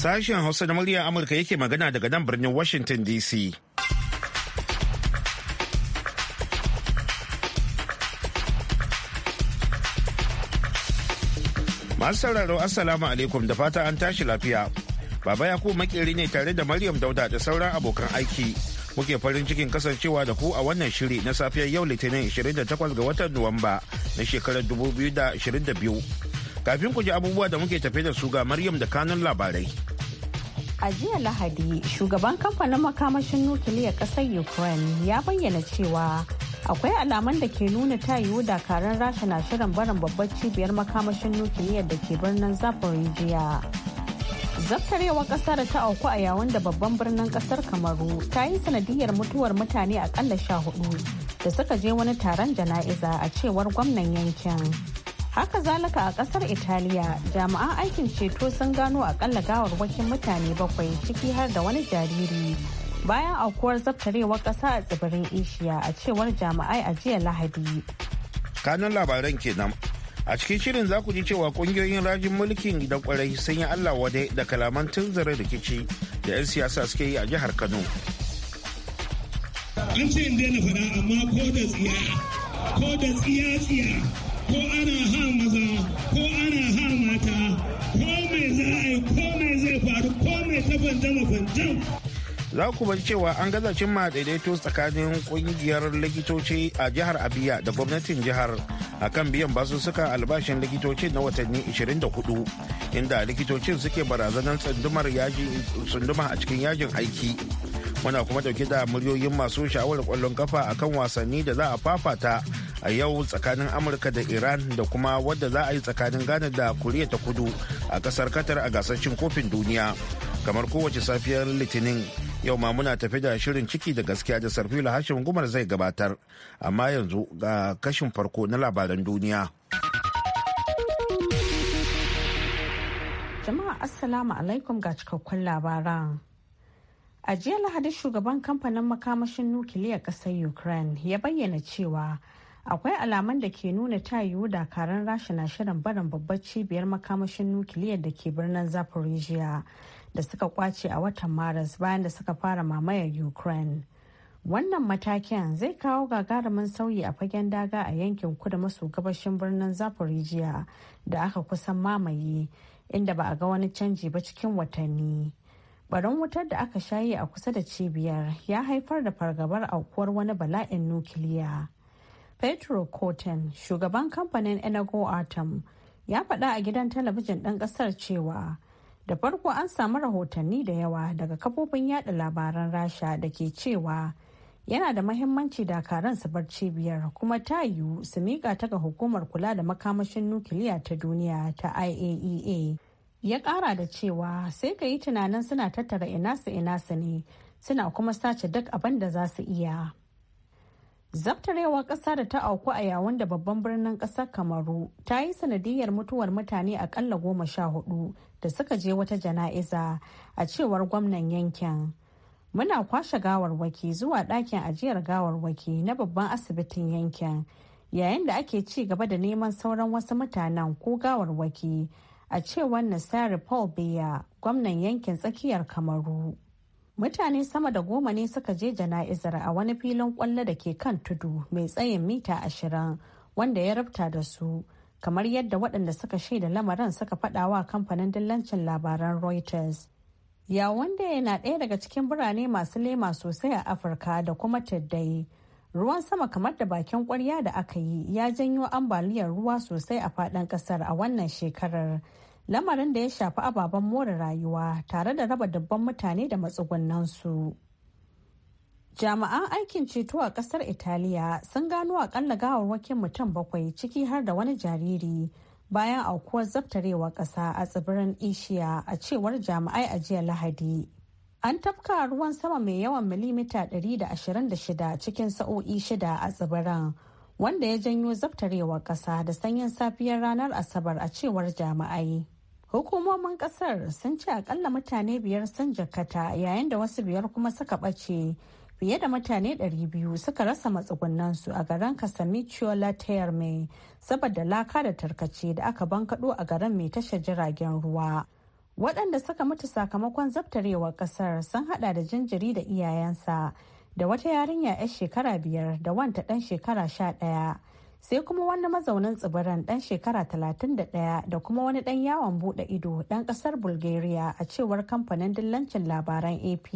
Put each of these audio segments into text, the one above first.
Sashen Hausa da muryar Amurka yake magana daga nan birnin Washington DC. Masu sauraro Assalamu alaikum da fata an tashi lafiya. Baba Yakubu makeri ne tare da Maryam Dauda da sauran abokan aiki. Muke farin cikin kasancewa da ku a wannan shiri na safiyar yau Litinin 28 ga watan Nuwamba na shekarar 2022. Kafin ku ji abubuwa da muke tafe da su ga Maryam da kanun labarai. A jiya Lahadi, shugaban kamfanin makamashin nukiliyar ƙasar Ukraine ya bayyana cewa akwai alaman da ke nuna ta yiwu dakarun rasha na shirin barin babbar cibiyar makamashin nukiliyar da ke birnin Zaporijiya. Zaftarewar ƙasa da ta auku a yawon da babban birnin ƙasar Kamaru ta yi sanadiyar mutuwar mutane akalla sha hudu da suka je wani taron jana'iza a cewar gwamnan yankin. haka zalika a kasar italiya jami'an aikin ceto sun gano akalla gawarwakin mutane bakwai ciki har da wani jariri bayan aukuwar zaftarewar kasa a tsibirin ishiya a cewar jami'ai a jiya lahadi kanun labaran kenan a cikin shirin za ku ji cewa kungiyoyin rajin mulkin da kwarai sun yi allah wadai da kalaman tunzara rikici da 'yan siyasa suke yi a jihar kano an ce in daina fara amma ko da tsiya ko da tsiya tsiya ko ana ha maza ko ana ha mata ko mai za a ko mai zai faru ko mai ta za ku bar cewa an gaza cimma daidaito tsakanin kungiyar likitoci a jihar abiya da gwamnatin jihar akan biyan basussukan albashin likitoci na watanni 24 inda likitocin suke barazanar tsundumar a cikin yajin aiki muna kuma dauke da muryoyin masu shawarar kwallon kafa akan wasanni da za a fafata a yau tsakanin amurka da iran da kuma wadda za a yi tsakanin ghana da koriya ta kudu a kasar qatar a gasar kofin duniya kamar kowace safiyar litinin yau ma muna tafi da shirin ciki da gaskiya da sarfila hashim gumar zai gabatar amma yanzu ga kashin farko na labaran duniya jama'a assalamu alaikum ga cikakkun labaran A jiya lahadin shugaban kamfanin makamashin nukiliya kasar Ukraine ya bayyana cewa akwai alaman da ke nuna ta yiwu dakaran rasha na shirin barin babbar cibiyar makamashin nukiliya da ke birnin Zaporizhia da suka kwace a watan Maris bayan da suka fara mamayar Ukraine. Wannan matakin zai kawo gagarumin sauyi a fagen daga a yankin kudu maso gabashin birnin Zaporizhia da aka kusan mamaye inda ba a ga wani canji ba cikin watanni. barin wutar da aka shaye a kusa da cibiyar ya haifar da fargabar aukuwar wani bala'in nukiliya. Petro Cotton, shugaban kamfanin Enago Atom, ya faɗa a gidan talabijin ɗan ƙasar cewa da farko an samu rahotanni da yawa daga kafofin yada labaran rasha da ke cewa yana da mahimmanci dakaran su bar cibiyar kuma ta yiwu su miƙa ta ga hukumar kula da makamashin nukiliya ta duniya ta iaea e ya kara da cewa sai ka yi tunanin suna tattara ina su ina su ne suna kuma sace duk abin da za su iya zabtarewa ƙasa da ta auku a yawon da babban birnin ƙasar kamaru ta yi sanadiyar mutuwar mutane aƙalla goma sha hudu da suka je wata jana'iza a cewar gwamnan yankin muna kwashe gawarwaki zuwa ɗakin ajiyar gawarwaki na babban asibitin yankin yayin da ake ci gaba da neman sauran wasu mutanen ko gawarwaki a cewar Nasari Paul Biya, gwamnan yankin tsakiyar Kamaru. Mutane sama da goma ne suka je jana'izar a wani filin kwallo da ke kan tudu mai tsayin mita ashirin wanda ya rabta da su, kamar yadda waɗanda suka shaida lamarin suka faɗawa kamfanin dillancin labaran Reuters. ya wanda yana ɗaya daga cikin birane masu lema sosai a Afirka da kuma tuddai. ruwan sama kamar da bakin kwarya da aka yi ya janyo ambaliyar ruwa sosai a faɗin ƙasar a wannan shekarar lamarin da ya shafi ababen more rayuwa tare da raba dubban mutane da matsugunansu. jami'an aikin ceto a kasar italiya sun gano akalla gawarwakin mutum bakwai ciki har da wani jariri bayan aukuwar zabtarewa ƙasa a tsibirin ishiya a cewar jami'ai a jiya lahadi An tafka ruwan sama mai yawan milimita 126 cikin sa'o'i shida a tsibirin wanda ya janyo zaftarewar ƙasa da sanyin safiyar ranar Asabar a cewar jami'ai. Hukumomin ƙasar sun ce akalla mutane biyar sun jakata yayin da wasu biyar kuma suka ɓace. Fiye da mutane 200 suka rasa su a garin Casamicciola mai saboda laka da tarkace da aka bankaɗo a garin mai tashar jiragen ruwa. waɗanda suka mutu sakamakon zabtarewar ƙasar sun haɗa da jinjiri da iyayensa da wata yarinya 'yar shekara biyar da wanta ɗan shekara sha ɗaya sai kuma wani mazaunin tsibiran ɗan shekara talatin da ɗaya da kuma wani ɗan yawon buɗe ido ɗan ƙasar bulgaria a cewar kamfanin dillancin labaran ap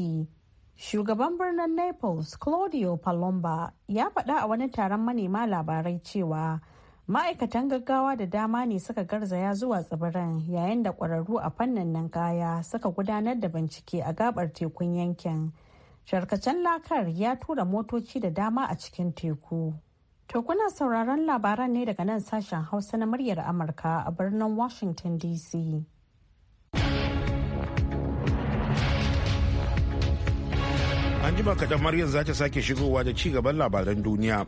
shugaban birnin naples claudio palomba ya faɗa a wani taron manema labarai cewa ma'aikatan gaggawa da dama ne suka garzaya zuwa tsibiran yayin da ƙwararru a fannin nan kaya suka gudanar da bincike a gabar tekun yankin sharkacen lakar ya tura motoci da dama a cikin teku to kuna sauraron labaran ne daga nan sashen hausa na muryar amurka a birnin washington dc an jima kadan maryam za ta sake shigowa da ci gaban labaran duniya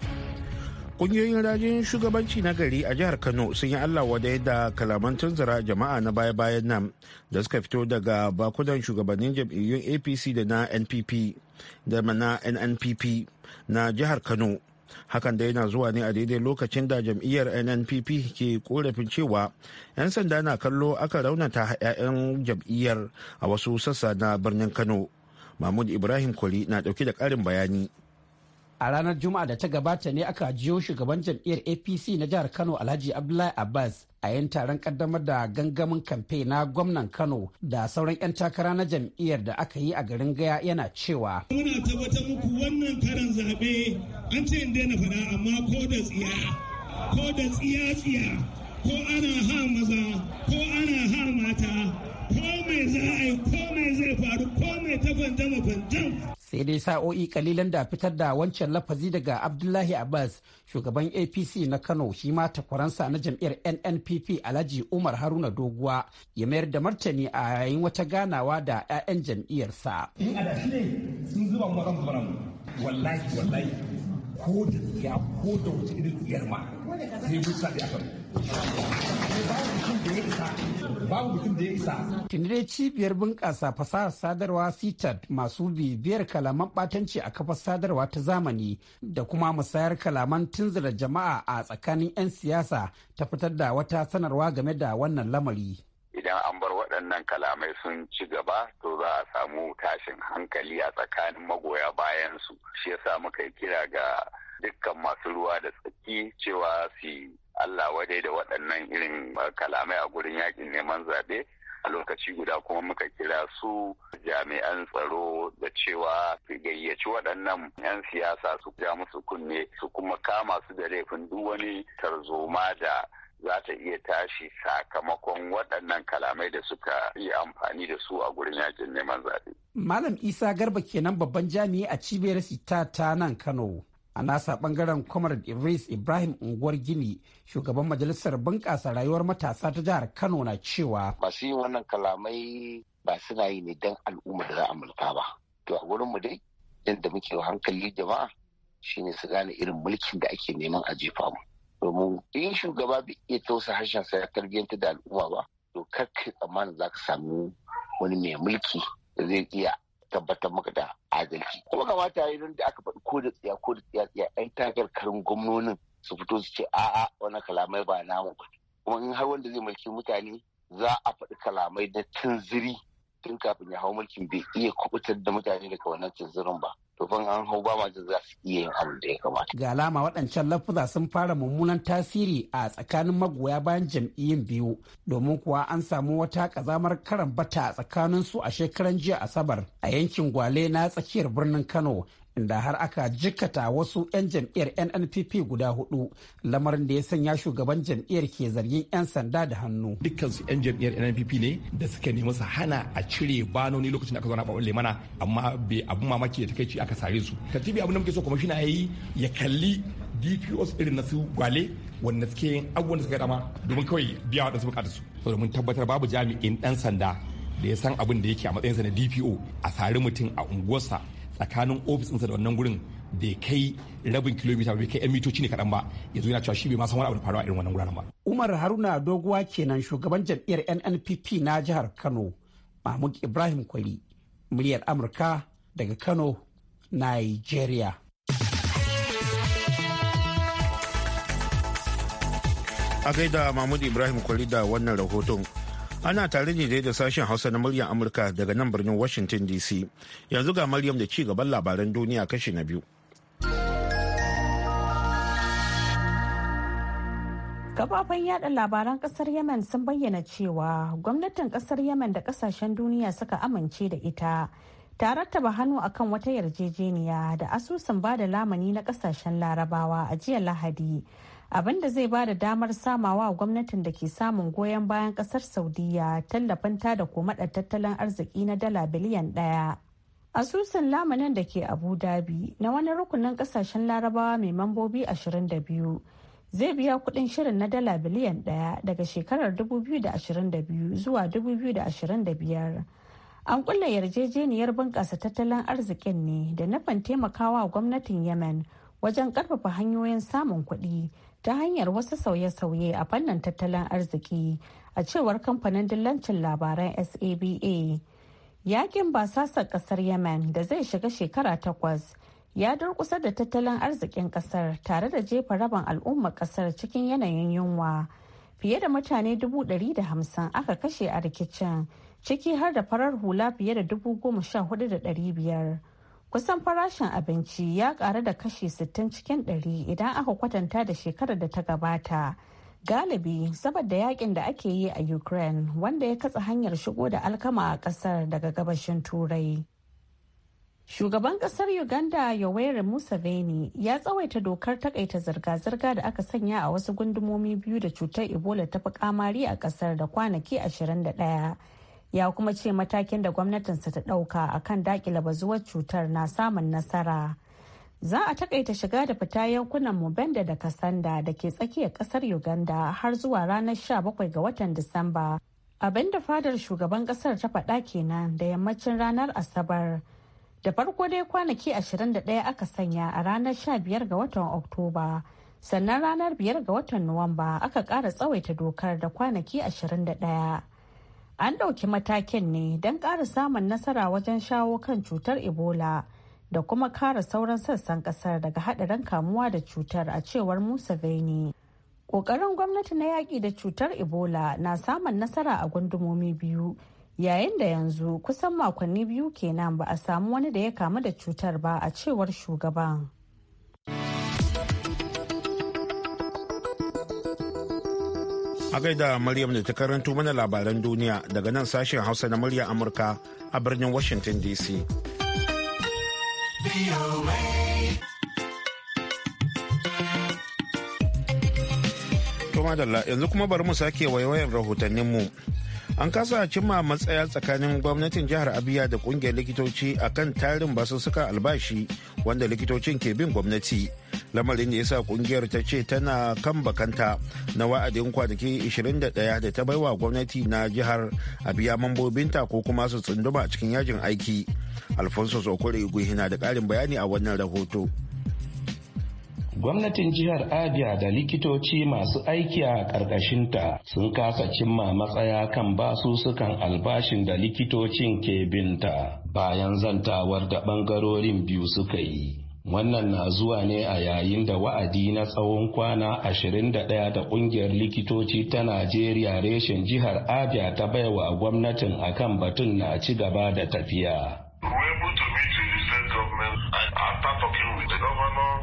kungiyoyin rajin shugabanci na gari a jihar kano sun yi allah wadai da kalaman tunzura jama'a na baya-bayan nan da suka fito daga bakunan shugabannin jam'iyyun apc da na npp da na nnpp na jihar kano hakan da yana zuwa ne a daidai lokacin da jam'iyyar nnpp ke korafin cewa 'yan sanda na kallo aka raunata 'ya'yan jam'iyyar a wasu sassa na birnin kano mahmud ibrahim kwali na dauke da karin bayani a ranar juma'a da ta gabata ne aka jiyo shugaban jam'iyyar apc na jihar kano alhaji abdullahi abbas a yin taron kaddamar da gangamin kamfe na gwamnan kano da sauran 'yan takara na jam'iyyar da aka yi a garin gaya yana cewa muna tabbatar muku wannan karan zaɓe an ce in daina fada, amma ko da tsiya ko da tsiya tsiya ko ana ha maza ko ana ha mata ko mai za a yi ko mai zai faru ko mai tafanta fanjama sai dai sa'o'i kalilan da fitar da wancan lafazi daga abdullahi abbas shugaban apc na kano shi ma takwaransa na jam'iyyar nnpp alhaji umar haruna doguwa ya mayar da martani a yayin wata ganawa da 'ya'yan jam'iyyarsa in ada ne sun zuba mu wallahi wallahi ko ya hudu da irin sai sa da babu mutum da ya isa tuni cibiyar bunƙasa fasahar sadarwa citad masu bibiyar kalaman ɓatanci a kafar sadarwa ta zamani da kuma musayar kalaman tunzura jama'a a tsakanin 'yan siyasa ta fitar da wata sanarwa game da wannan lamari idan an bar waɗannan kalamai sun ci gaba to za a samu tashin hankali a tsakanin magoya bayan su shi yasa muka yi kira ga dukkan masu ruwa da tsaki cewa su Allah wadai da waɗannan irin uh, kalamai a gurin yakin neman zaɓe a lokaci guda kuma muka kira su jami'an tsaro da cewa su gayyaci waɗannan 'yan siyasa su ja musu kunne su kuma kama su da laifin duk wani tarzoma da za ta iya tashi sakamakon waɗannan kalamai da suka yi amfani da su a gurin yakin neman zaɓe. Malam Isa Garba kenan babban jami'i a cibiyar sita ta nan Kano. A nasa bangaren Comrade Idris Ibrahim Unguwar Gini, shugaban majalisar bunƙasa rayuwar matasa ta jihar Kano na cewa. Masu yi wannan kalamai ba suna yi ne don al'umma da za a mulka ba. To a mu dai, yadda muke hankali jama'a shine su gane irin mulkin da ake neman a jefa mu. domin in shugaba bai iya tausa harshen sa ya tarbiyyanta da al'umma ba to kar kakka tsammanin za ka samu wani mai mulki da zai iya tabbatar maka da adalci kuma kamata yi da aka faɗi ko da tsiya ko da tsiya tsiya ɗan takarkarin gwamnonin su fito su ce a'a wani kalamai ba namu ba kuma in har wanda zai mulki mutane za a faɗi kalamai na tunziri tun kafin ya hau mulkin bai iya kubutar da mutane daga wannan cizirin ba tufan an hau ba ma za su iya yin abin da ya kamata. Ga alama waɗancan lafuza sun fara mummunan tasiri a tsakanin magoya bayan jam'iyyun biyu domin kuwa an samu wata ƙazamar karan bata a tsakanin su a shekaran jiya Asabar a yankin Gwale na tsakiyar birnin Kano da har aka jikkata wasu 'yan jam'iyyar nnpp guda hudu lamarin da ya sanya shugaban jam'iyyar ke zargin 'yan sanda da hannu dukkansu 'yan jam'iyyar nnpp ne da suka nemi su hana a cire banoni lokacin da aka zauna babban lemana amma bai abu mamaki da takaici aka sare su katibi abin da muke so kuma shi na yayi ya kalli dpos irin na su gwale wanda suke yin abubuwan da suka dama domin kawai biya wa su bukatar su saboda mun tabbatar babu jami'in dan sanda da ya san abin da yake a matsayinsa na dpo a sari mutum a unguwarsa tsakanin ofis ɗinsa da wannan gurin bai kai rabin kilomita bai kai 'yan mitoci ne kaɗan ba yanzu yana cewa shi bai ma san wani abu da faruwa irin wannan guraren ba. Umar Haruna Doguwa kenan shugaban jam'iyyar NNPP na jihar Kano Mahmud Ibrahim kwali muryar Amurka daga Kano, Nigeria. A gaida Mahmud Ibrahim kwali da wannan rahoton Ana tare ne da sashen Hausa na muryar Amurka daga nan birnin Washington DC. Yanzu ga Maryam da ci gaban labaran duniya kashi na biyu. Kafafen yada labaran kasar Yemen sun bayyana cewa gwamnatin kasar Yemen da kasashen duniya suka amince da ita. Ta rattaba hannu akan wata yarjejeniya da asusun bada lamani na kasashen larabawa a jiya Lahadi. abin da zai ba da damar samawa gwamnatin da ke samun goyon bayan kasar saudiya tallafin ta da komaɗar tattalin arziki na dala biliyan ɗaya asusun lamunin da ke abu dhabi na wani rukunin kasashen larabawa mai mambobi 22 zai biya kudin shirin na dala biliyan ɗaya daga shekarar 2022 zuwa 2025 an kulle yarjejeniyar bunƙasa tattalin arzikin ne da nufin taimakawa gwamnatin yemen wajen karfafa hanyoyin samun kuɗi ta hanyar wasu sauye-sauye a fannin tattalin arziki a cewar kamfanin dillancin labaran saba yakin basasar kasar yemen da zai shiga shekara takwas ya durkusa da tattalin arzikin kasar tare da jefa rabin al'ummar kasar cikin yanayin yunwa fiye da mutane dubu ɗari da hamsin aka kashe a rikicin ciki har da farar hula fiye da dubu goma sha hudu da ɗari biyar kusan farashin abinci ya ƙaru da kashi 60 cikin 100 idan aka kwatanta da shekarar da ta gabata. galibi saboda yakin da ake yi a ukraine wanda ya katsa hanyar shigo da alkama a kasar daga gabashin turai shugaban kasar uganda yoweri museveni ya tsawaita dokar takaita zirga-zirga da aka sanya a wasu gundumomi biyu da cutar ebola ta fi kamari a kasar da kwanaki 21 ya kuma ce matakin da gwamnatinsa ta ɗauka a kan dakila bazuwar cutar na samun nasara za a takaita shiga da fita yankunan mubenda da kasanda da ke tsakiyar kasar uganda har zuwa ranar 17 ga watan disamba abinda fadar shugaban kasar ta faɗa kenan da yammacin ranar asabar da farko dai kwanaki 21 aka sanya a ranar 15 ga watan oktoba sannan ranar 5 ga watan nuwamba aka ƙara tsawaita dokar da kwanaki 21 An ɗauki matakin ne don ƙara samun nasara wajen shawo kan cutar Ebola da kuma kare sauran sassan ƙasar daga haɗarin kamuwa da cutar a cewar Musa Veni. Ƙoƙarin gwamnati na yaƙi da cutar Ebola na samun nasara a gundumomi biyu yayin da yanzu kusan makonni biyu kenan ba a samu wani da ya kamu da cutar ba a cewar shugaban. A gaida Maryam da ta karanto mana labaran duniya daga nan sashen Hausa na murya Amurka a birnin Washington DC. madalla yanzu kuma bari mu sake rahotannin mu An kasa cimma matsaya tsakanin gwamnatin jihar abiya da kungiyar likitoci akan tarin basussuka albashi wanda likitocin ke bin gwamnati. Lamarin da ya sa kungiyar ta ce tana kan bakanta na wa'adin kwanaki 21 da ta baiwa gwamnati na jihar Abia mambobinta ko kuma su tsunduma cikin yajin aiki. Alfonso Sokore Guhina da karin bayani a wannan rahoto. gwamnatin jihar abia da likitoci masu aiki a ƙarƙashinta sun kasa cimma matsaya kan basu sukan albashin da likitocin ke binta bayan zantawar da ɓangarorin biyu suka yi wannan na zuwa ne a yayin da wa'adi na tsawon kwana ashirin da da kungiyar likitoci ta najeriya reshen jihar abia ta baiwa gwamnatin akan batun na ci gaba da tafiya. We're able to meet with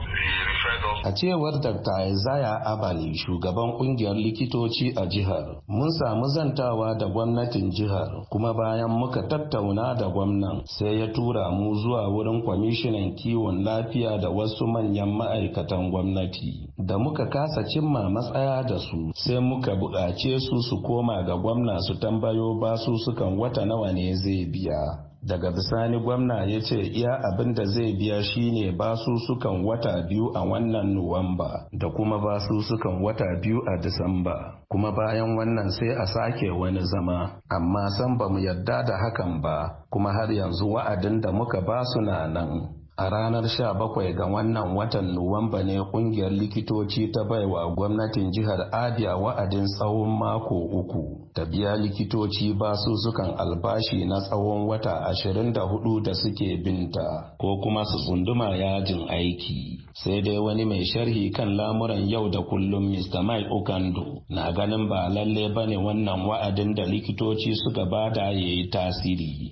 A cewar Dr. Isaiah Abali, shugaban kungiyar likitoci a jihar, mun samu zantawa da gwamnatin jihar, kuma bayan muka tattauna da gwamnan sai ya tura mu zuwa wurin kwamishinan kiwon lafiya da wasu manyan ma'aikatan gwamnati. Da muka kasa cimma matsaya da su, sai muka buƙace su su koma ga gwamna su tambayo basu sukan wata nawa ne zai biya. daga bisani gwamna ya ce iya abin da zai biya shine basusukan wata biyu a wannan nuwamba da kuma basusukan wata biyu a disamba kuma bayan wannan sai a sake wani zama amma san ba mu yarda da hakan ba kuma har yanzu wa'adin da muka basu na nan A ranar 17 ga wannan watan Nuwamba ne kungiyar likitoci ta baiwa gwamnatin jihar Abia wa'adin tsawon mako uku. Ta biya likitoci ba su sukan albashi na tsawon wata 24 da suke binta ko kuma su tsunduma yajin aiki. Sai dai wani mai sharhi kan lamuran yau da kullum Mr. Mike Okando na ganin ba lalle ba ne wannan wa'adin da likitoci suka bada ya yi tasiri.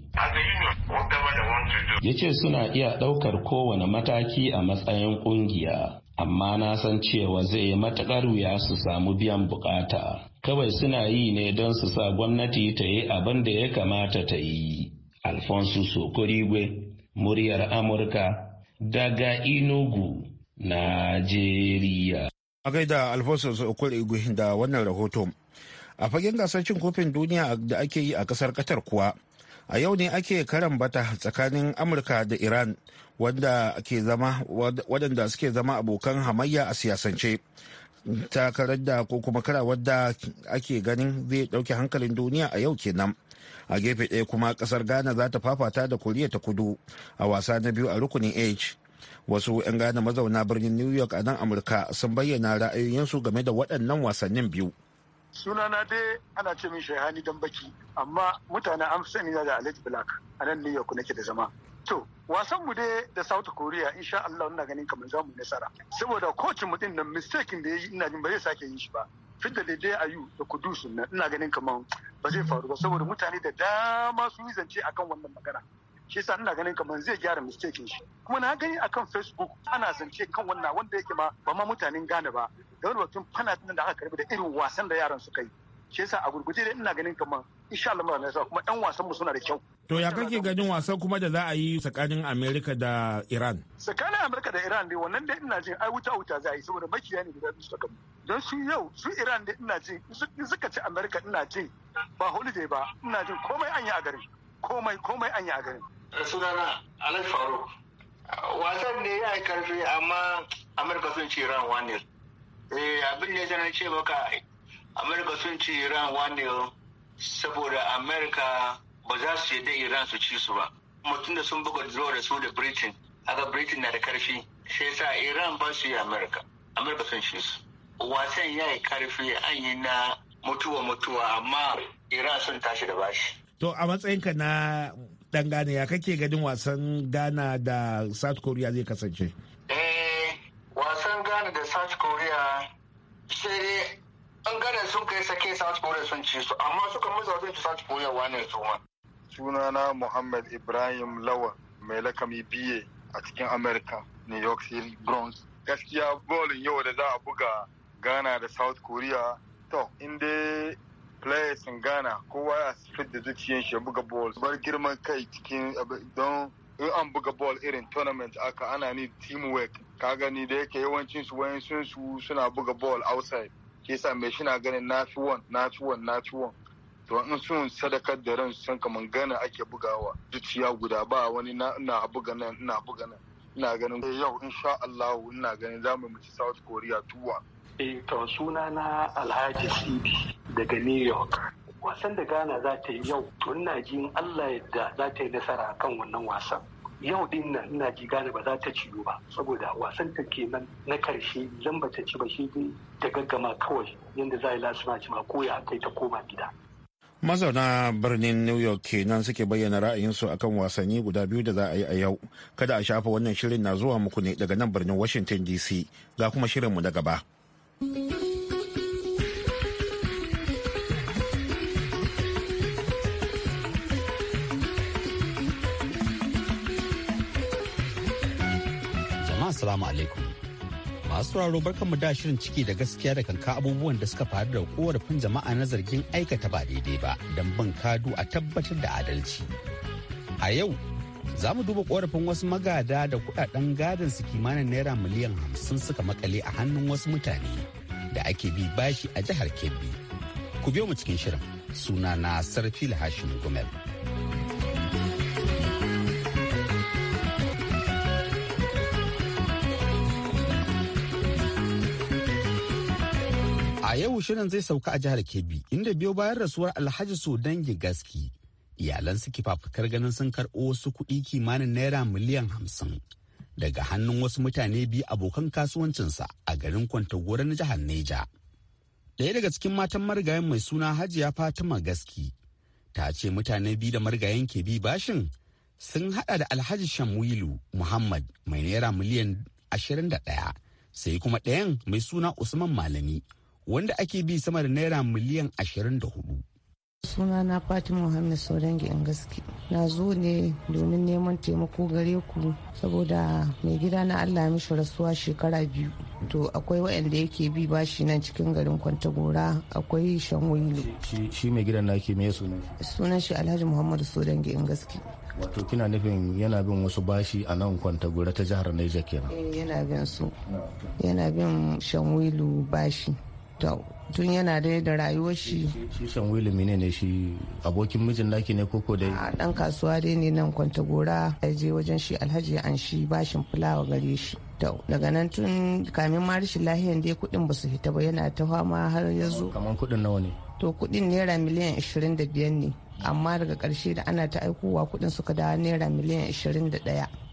Ya ce suna iya ɗaukar ɗaukar kowane mataki a matsayin ƙungiya, amma na san cewa zai yi matuƙar wuya su samu biyan bukata. Kawai suna yi ne don su sa gwamnati ta yi abin da ya kamata ta yi. Alfonso Sokorigwe, muryar Amurka, daga Inugu, Najeriya. A gaida Alfonso Sokorigwe da wannan rahoto. A fagen gasar cin kofin duniya da ake yi a ƙasar Qatar kuwa, a yau ne ake karambata tsakanin amurka da iran waɗanda suke zama abokan hamayya a siyasance takarar da ko kuma karawar da ake ganin zai ɗauke hankalin duniya a yau kenan a gefe ɗaya kuma ƙasar ghana za ta fafata da koriya ta kudu a wasa na biyu a rukunin h wasu 'yan ghana mazauna birnin new york a nan amurka sun bayyana ra'ayoyinsu game da waɗannan wasannin biyu sunana dai ana ce min shahani dan baki amma mutane an fi sani da alhaji black a nan new york nake da zama To, wasan mu dai da South Korea insha Allah ina ganin kamar za mu nasara. Saboda kocin mu din nan mistake da yayi ina jin ba zai sake yin shi ba. Fidda da dai ayu da kudusu nan ina ganin kamar ba zai faru ba saboda mutane da dama sun yi zance akan wannan magana. shi yasa ina ganin kamar zai gyara mistakin shi kuma na gani akan facebook ana zance kan wannan wanda yake ma ba ma mutanen gane ba da wani batun fana da aka karbi da irin wasan da yaran suka yi shi yasa a gurguje dai ina ganin kamar insha Allah muna nasara kuma ɗan wasan mu suna da kyau to ya kake ganin wasan kuma da za a yi tsakanin Amerika da Iran tsakanin Amerika da Iran dai wannan da ina jin ai wuta wuta za a yi saboda makiya ne guda biyu suka don su yau su Iran dai ina jin in suka ci Amerika ina jin ba holiday ba ina jin komai an yi a garin komai komai an yi a garin sunana Alhaji Faruk wasan ne ya yi karfi amma Amerika sun ci Iran wani. Eh abin da ya ce maka Amerika sun ci Iran wani. saboda Amerika ba za su yadda iran su ci su ba mutum da sun buga zuwa da su da britain aga britain na da karfi sai sa iran ba su yi america amerika sun ci su wasan ya yi karfi an yi na mutuwa mutuwa amma iran sun tashi da bashi to a matsayinka na dan Ghana ya kake ganin wasan Ghana da South Korea zai kasance? Eh, wasan Ghana da South Korea sai ɓangaren sun kai sake south sun ci su amma suka musa sun ci south korea wane su ma sunana muhammad ibrahim lawa mai lakami biye a cikin america new york city bronx gaskiya bolin yau da za a buga ghana da south korea to in players in ghana kowa ya fit da zuciyan shi buga ball bar girman kai cikin don in an buga ball irin tournament aka ana ni teamwork ka gani da yake yawancin su wayan sun su suna buga ball outside yasa mai shi na ganin na fi wan na fi wan na fi wan to in sun sadakar da ran san kaman gana ake bugawa zuciya guda ba wani na ina buga nan ina buga nan ina ganin eh, yau insha Allah ina ganin za mu mutu South Korea tuwa eh to suna na Alhaji Sidi daga New York wasan da Ghana za ta yi yau tun ina jin Allah yadda za ta yi nasara kan wannan wasan yau din nan ina ji gane ba za ta ciyo ba saboda wasan ta kenan na karshe zan ba ta ci ba shi dai ta gaggama kawai yadda za a yi lasuna ci ma koya kai ta koma gida. mazauna birnin new york kenan suke bayyana ra'ayinsu akan wasanni guda biyu da za a yi a yau kada a shafa wannan shirin na zuwa muku ne daga nan birnin washington dc ga kuma shirinmu na gaba. Assalamu alaikum. Masu sauraro barkanmu da shirin ciki da gaskiya da kanka abubuwan da suka faru da korafin jama'a na zargin aikata ba daidai ba don bin kadu a tabbatar da adalci. A yau za mu duba korafin wasu magada da kudaden gadon su kimanin naira miliyan hamsin suka makale a hannun wasu mutane da ake bi bashi a jihar Kebbi. Ku biyo mu cikin shirin suna na Sarfil Hashim Gumel. A yau shirin zai sauka a jihar Kebbi inda biyo bayan rasuwar Alhaji Sodangi Gaski iyalan su fafakar ganin sun karɓo wasu kuɗi kimanin naira miliyan hamsin daga hannun wasu mutane biyu abokan kasuwancinsa a garin Kwantagora na jihar Neja. Ɗaya daga cikin matan marigayen mai suna Hajiya Fatima Gaski ta ce mutane biyu da marigayen ke bi bashin sun haɗa da Alhaji Shamwilu Muhammad mai naira miliyan ashirin da ɗaya. sai kuma ɗayan mai suna Usman Malami wanda ake bi sama da naira miliyan 24 sunana fatima muhammad saudangi in gaske na zo ne domin neman taimako gare ku saboda mai gida na allah mishi rasuwa shekara biyu to akwai waɗanda yake bi bashi nan cikin garin kwantagora akwai shan wailo shi mai gidan na ke mai sunan sunan shi alhaji muhammadu sodangi in gaske wato kina nufin yana bin wasu bashi a nan kwantagora ta jihar niger kenan eh, yana bin su yana bin shan wilu bashi to tun yana dai da rayuwar shi shi san wili mine ne shi abokin mijin naki ne koko dai a dan kasuwa dai ne nan kwanta gora ya je wajen shi alhaji an shi bashin fulawa gare shi daga nan tun kamin ma rashin lahiyan dai kudin su fita ba yana ta fama har ya zo Kamar kudin nawa ne to kudin naira miliyan 25 ne amma daga karshe da ana ta aikowa kudin suka dawo naira miliyan 21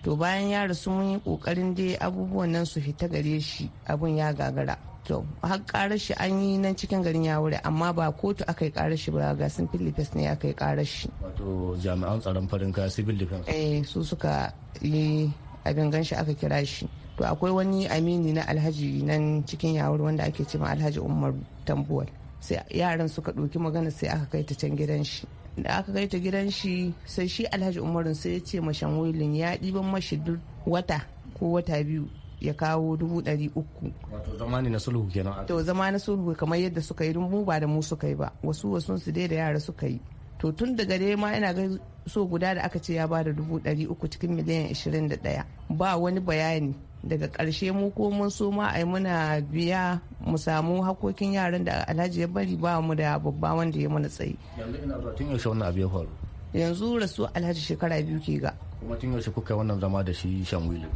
to bayan ya rasu mun yi kokarin dai abubuwan nan su fita gare shi abun ya gagara to har karar shi an yi nan cikin garin ya wuri amma ba kotu aka yi karar shi ba ga sun philippines ne aka yi karar shi wato jami'an tsaron farin kaya civil defense eh su suka yi abin ganshi aka kira shi to akwai wani amini na alhaji nan cikin yawur wanda ake cewa alhaji umar tambuwal sai yaran suka ɗauki magana sai aka kai ta can gidan shi da aka kai ta gidan shi sai shi alhaji umarin sai ya ce mashan ya ɗiban mashi duk wata ko wata biyu ya kawo dubu ɗari uku. Wato zama ne na sulhu kenan. To zama na sulhu kamar yadda suka yi mu ba da mu suka yi ba wasu wasu su dai da yara suka yi. To tun daga dai ma ina ga so guda da aka ce ya ba da dubu ɗari uku cikin miliyan ishirin da ɗaya ba wani bayani daga ƙarshe mu ko mun so ma ai muna biya mu samu hakokin yaran da alhaji ya bari ba mu da babba wanda ya mana tsayi. Yanzu ina zuwa tun yaushe wannan abu ya faru. Yanzu rasu alhaji shekara biyu ke ga. Kuma tun yaushe kuka wannan zama da shi shan wili.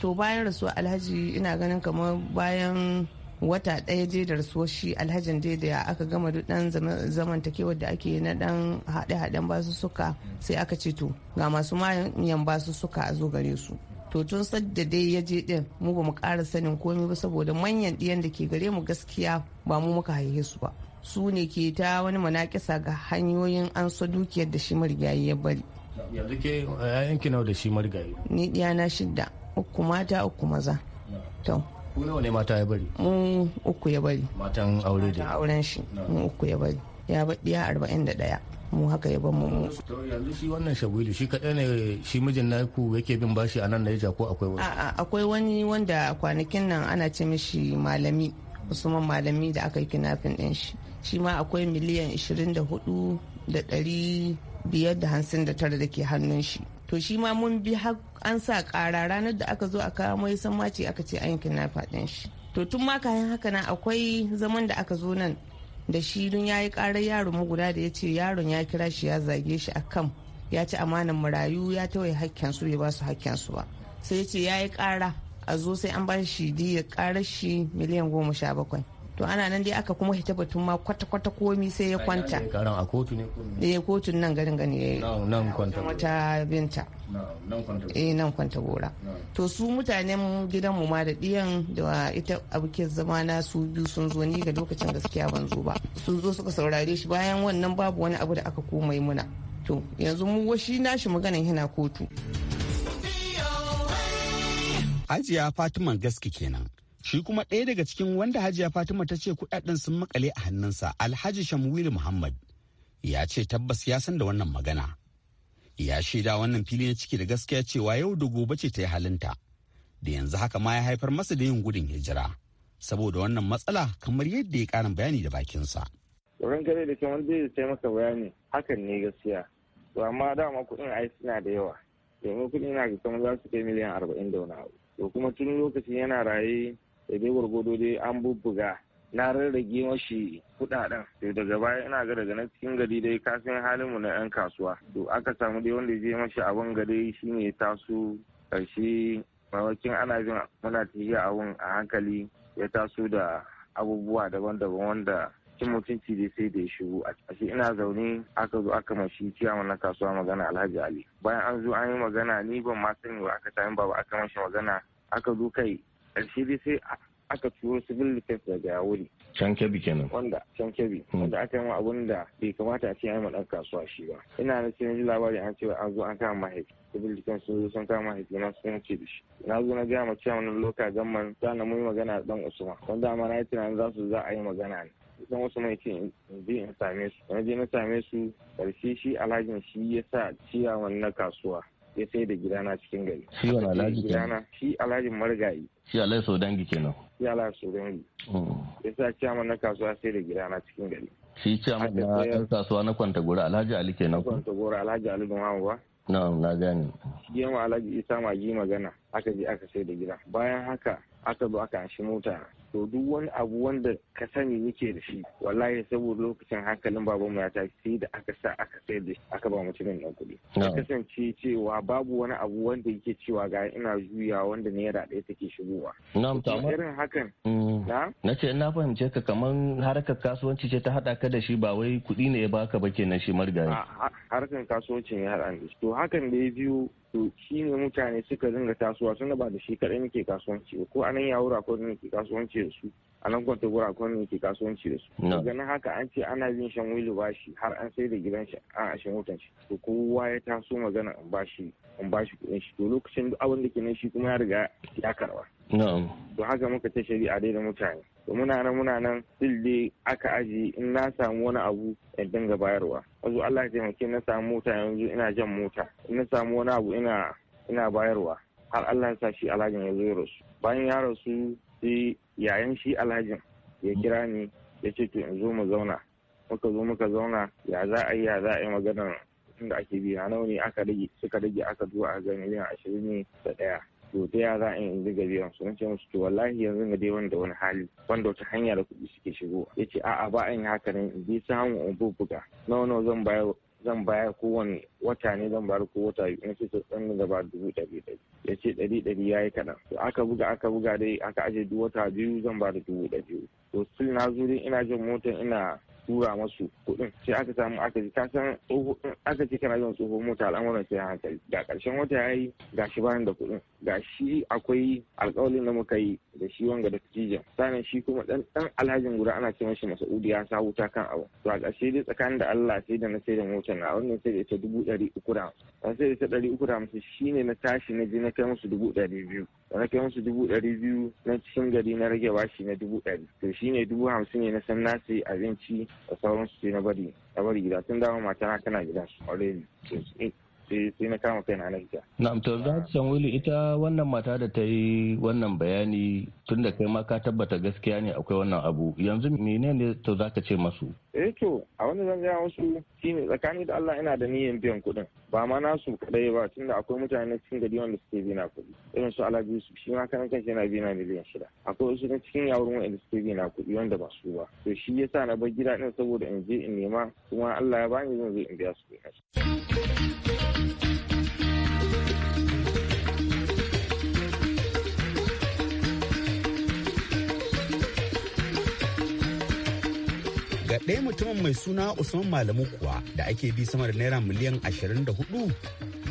to bayan rasuwa alhaji ina ganin kamar bayan wata ɗaya je da rasuwa shi alhajin dai da aka gama duk ɗan zamantakewar da ake na ɗan haɗe-haɗen basu suka sai aka ce to ga masu mayan basu suka a zo gare su to tun sadda dai ya je ɗin mu ba mu ƙara sanin komai ba saboda manyan ɗiyan da ke gare mu gaskiya ba mu muka haihe su ba su ne ke ta wani manakisa ga hanyoyin an so dukiyar da shi marigayi ya bari yanzu ke yayanki nawa da shi marigayi ni ɗiya na shidda uku mata uku maza to ku nawa ne mata ya bari mu uku ya bari matan aure da auren shi mu uku ya bari ya arba'in da 41 mu haka ya ban mu yanzu shi wannan shabuilu shi kadai ne shi mijin na ku yake bin bashi a nan Naija ko akwai wani a'a akwai wani wanda kwanakin nan ana ce mishi malami usman malami da aka yi kinafin din shi shi ma akwai miliyan 24 da da da tara da ke hannun shi to shi ma mun bi har an sa kara ranar da aka zo a kawo mai mace aka ce an kidnapper din shi to tun ma kayan haka na akwai zaman da aka zo nan da shi dun yayi karar yaron mu guda da ya ce yaron ya kira shi ya zage shi a akan ya ci amanan marayu ya tawaye hakkin su bai ba su hakkin su ba sai ya ce yayi kara a zo sai an ba shi diyar karar shi miliyan goma sha bakwai to ana nan dai aka kuma hita batun ma kwata-kwata komi sai ya kwanta a kotu ne ko eh, kotun nan garin gani ya eh. nan binta eh nan kwanta gora to su mutanen gidan mu ma da diyan da ita abokin zama na su biyu sun zo ni ga lokacin gaskiya ban zo ba sun zo suka saurare shi bayan wannan babu wani abu da aka komai muna to yanzu mu washi nashi maganan yana kotu ajiya fatima gaske kenan Shi kuma ɗaya daga cikin wanda Hajiya Fatima ta ce kuɗaɗen sun makale a hannunsa Alhaji Shamwilu Muhammad ya ce tabbas ya san da wannan magana. Ya shaida wannan fili na ciki da gaskiya cewa yau da gobe ce ta yi halinta. Da yanzu haka ma ya haifar masa da yin gudun hijira. Saboda wannan matsala kamar yadda ya ƙara bayani da bakinsa. Wurin gare da kamar zai taimaka bayani hakan ne gaskiya. To amma dama kuɗin ai suna da yawa. domin kuɗi na ga kamar za su kai miliyan arba'in da wani abu to kuma tun lokacin yana raye da daidai gwargwado dai an bubbuga na rarrage mashi kudaden to daga baya ina ga daga na cikin gari dai kafin halin mu na yan kasuwa to aka samu dai wanda je mashi abun gari shine ya taso karshe mawakin ana jin muna tafiya abun a hankali ya taso da abubuwa daban-daban wanda cin mutunci dai sai da ya shigo a ina zaune aka zo aka mashi ciyaman na kasuwa magana alhaji ali bayan an zo an yi magana ni ban ma sani ba aka sami baba aka mashi magana aka zo kai ƙarshe dai sai aka turo civil defense daga wuri. Can kebi kenan. Wanda can kebi. Hmm. Wanda aka yi abun da bai kamata a ce an madan kasuwa shi ba. Ina da sai ji labari an ce an zo an kama mahaifi. Civil defense sun zo sun kama mahaifi na sun ce da shi. Na zo na gaya ma cewa wani loka gamman za na muyi magana da ɗan Usman. Wanda amma na yi tunanin za za a yi magana ne. dan wasu ya ce in je in same su wani je na same su karshe shi alhajin shi ya sa ciyawan na kasuwa ya sai da gidana cikin gari. Shi wani alhaji kenan? Shi alhaji marigayi. Shi alhaji so dangi kenan? Shi alhaji so dangi. Mm. Ya sa ciyaman na kasuwa sai da gidana cikin gari. Shi ciyaman na ɗan kasuwa na Kwantagora alhaji Ali kenan? Kwantagora alhaji Ali Dumamu ba. Na na gane. Shi yawan alhaji Isa Magi magana aka je aka sai da gida. Bayan haka aka zo aka shi mota to duk wani abu wanda ka sani muke da shi wallahi saboda lokacin hankalin babanmu ya tafi. sai da aka sa aka sayar da shi aka ba mutumin nan kuɗi ya kasance cewa babu wani abu wanda yake cewa ga ina juya wanda naira ɗaya take shigowa na'am to irin hakan mm. na ce na fahimce ka kaman harkar kasuwanci ce ta haɗa ka da shi ba wai kuɗi ne ya baka ba kenan shi marigayi harkar kasuwanci ne haɗa to hakan da ya biyo to shi ne mutane suka dinga tasowa da ba da shi kaɗai nake kasuwanci ba ko anan yawura akwai ne ke kasuwanci da su a nan gura akwai ne ke kasuwanci da su daga haka an ce ana bin shan ba bashi har an sai da gidan shi a ashe wutan shi to kowa ya taso magana in bashi in bashi kuɗin shi to lokacin duk abin da ke nan shi kuma ya riga ya karba. to haka muka ta shari'a dai da mutane to muna nan muna nan still dai aka aji in na samu wani abu in dinga bayarwa wasu Allah ya taimake na samu mota yanzu ina jan mota in na samu wani abu ina ina bayarwa har Allah ya sa shi alhajin ya zo ya rasu bayan ya rasu sai yayan shi alhajin ya kira ni ya ce to in zo mu zauna muka zo muka zauna ya za a yi ya za a yi maganar da ake biya nawa ne aka rage suka rage aka zuwa a gani miliyan ashirin da ɗaya to ta ya za a yi dinga biyan su ce musu to wallahi yanzu ga dai wanda wani hali wanda wata hanya da kuɗi suke shigo ya ce a'a ba in haka ne in bi samu in bubbuga nawa nawa zan bayar zan bayar kowane wata ne zan bayar ko wata biyu na ce tsan da gaba dubu ɗari ɗari ya ce ɗari ɗari ya yi kaɗan to aka buga aka buga dai aka aje duk wata biyu zan bayar dubu ɗari biyu. to still na zuri ina jin motar ina tura masu kuɗin sai aka samu aka ji kasan aka ji kana yawan tsohon mota al'amuran sai hankali ga ƙarshen wata ya yi ga shi bayan da kuɗin ga shi akwai alƙawalin da muka yi da shi wanga da tijijan sannan shi kuma dan dan alhajin guda ana ce mashi masa'udi ya sa wuta kan abu to a ƙarshe dai tsakanin da Allah sai da na sai da motar na wannan sai da ita dubu ɗari uku da hamsin sai da ita ɗari uku da hamsin shine na tashi na je na kai musu dubu ɗari biyu da na kai musu dubu ɗari biyu na cikin gari na rage bashi na dubu ɗari to ne dubu hamsin ne na san na sai abinci da sauransu sai na bari na bari gida tun dama mata na tana gida su ne eh. Eh, sai na kama kai na hijja na'am to za ta wili ita wannan mata da ta yi wannan bayani tun da kai ma ka tabbata gaskiya ne akwai wannan abu yanzu mene ne to za ka ce masu eh to a wani zan gaya wasu shine tsakani da Allah ina da niyyar biyan kuɗin ba ma nasu kaɗai ba tun da akwai mutane cikin gari wanda suke bina kuɗi irin su Alhaji su shi ma kan kanshi yana bina miliyan shida akwai wasu na cikin yawon wanda suke bina kuɗi wanda ba su ba to shi yasa na bar gida ɗin saboda in je in nema kuma Allah ya bani zan zo in biya su kuɗi ɗaya mutumin mai suna usman malamu kuwa da ake bi sama da naira miliyan 24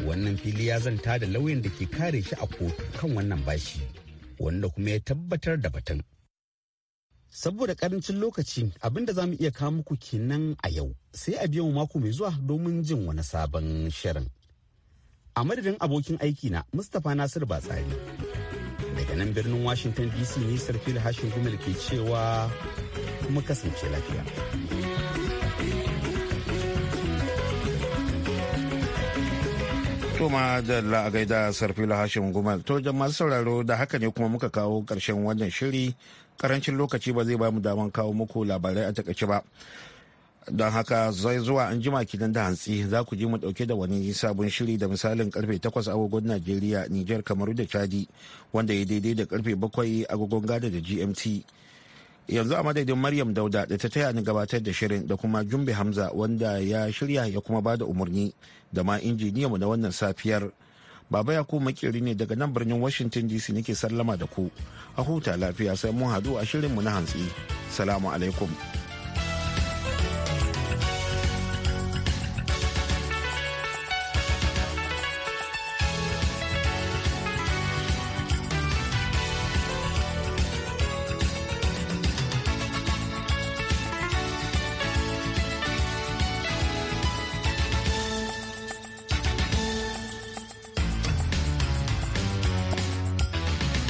wannan fili ya zanta da lauyan da ke kare shi a kotu kan wannan bashi wanda kuma ya tabbatar da batun saboda karancin lokaci abinda za mu iya kawo muku kenan a yau sai a biyan mako mai zuwa domin jin wani sabon shirin a madadin abokin aiki na mustapha Nasiru batsari daga nan birnin washington dc ne sarfil hashin gumel ke cewa kuma kasance lafiya. Toma da la'agai da sarfila hashim gumal to masu sauraro da haka ne kuma muka kawo ƙarshen wannan shiri karancin lokaci ba zai ba mu daman kawo muku labarai a takaice ba. don haka zai zuwa an jima kidan da hantsi za ku ji mu ɗauke da wani sabon shiri da misalin karfe 8 agogon Najeriya, Nijar, Kamaru da Chadi wanda ya daidai da karfe 7 agogon gada da GMT. yanzu a madadin maryam dauda da ta taya ni gabatar da shirin da kuma jumbe hamza wanda ya shirya ya kuma bada umarni da ma injiniyanmu na wannan safiyar baba ya makeri ne daga nan birnin washington dc nake sallama da ku a huta lafiya sai mun hadu a shirinmu na hantsi salamu alaikum